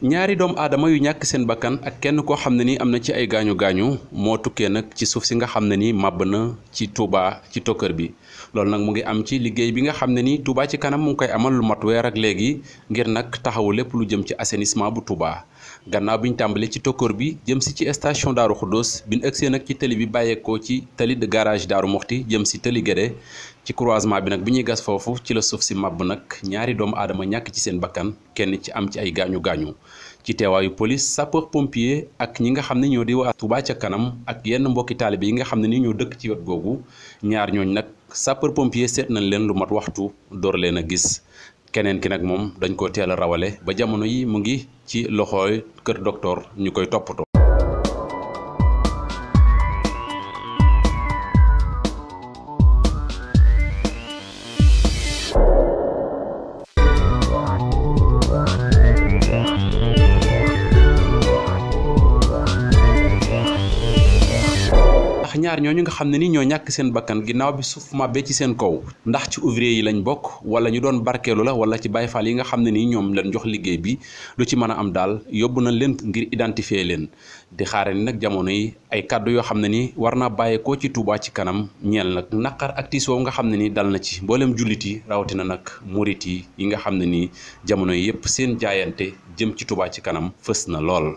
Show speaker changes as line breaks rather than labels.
ñaari doomu aadama yu ñàkk seen bakkan ak kenn koo xam ne ni am na ci ay gaañu gaañu moo tukkee nag ci suuf si nga xam ne ni màbb na ci Touba ci tokkër bi loolu nag mu ngi am ci liggéey bi nga xam ne ni Touba ci kanam mu ngi koy amal lu mat weer ak léegi ngir nag taxawu lépp lu jëm ci assainissement bu Touba gannaaw bi ñu tàmbalee ci tokkër bi jëm si ci station Daaru Xuddoos bi ñu egsee nag ci tëli bi bàyyeekoo ci tëli de garage Daaru Muxti jëm si tëli Gédé ci croisement bi nag bi ñuy gas foofu ci la suuf si màbb nag ñaari doomu aadama ñàkk ci seen bakkan kenn ci am ci ay gaañu gaañu ci teewaayu police sapeur pompier ak ñi nga xam ne ñoo di waa Touba ca kanam ak yenn mbokki taalibe yi nga xam ne ni ñoo dëkk ci wet googu ñaar ñooñ nag sapeur pompier seet nañ leen lu mat waxtu door leen a gis keneen ki nag moom dañ ko teel a rawale ba jamono yi mu ngi ci loxooy kër docteur ñu koy toppatoo. ndax ñaar ñooñu nga xam ne ni ñoo ñàkk seen bakkan ginnaaw bi suuf màbbee ci seen kaw ndax ci ouvrier yi lañ bokk wala ñu doon barkeelu la wala ci Baay Faal yi nga xam ne ni ñoom lañ jox liggéey bi lu ci mën a am daal yóbbu nañ leen ngir identifier leen di xaare ni nag jamono yi ay kàddu yoo xam ne ni war naa bàyyeekoo ci Tuubaa ci kanam ñeel nag naqar ak tiis nga xam ne ni dal na ci mbooleem jullit yi rawatina nag murit yi nga xam ne ni jamono yëpp seen jaayante jëm ci Tuubaa ci kanam fës na lool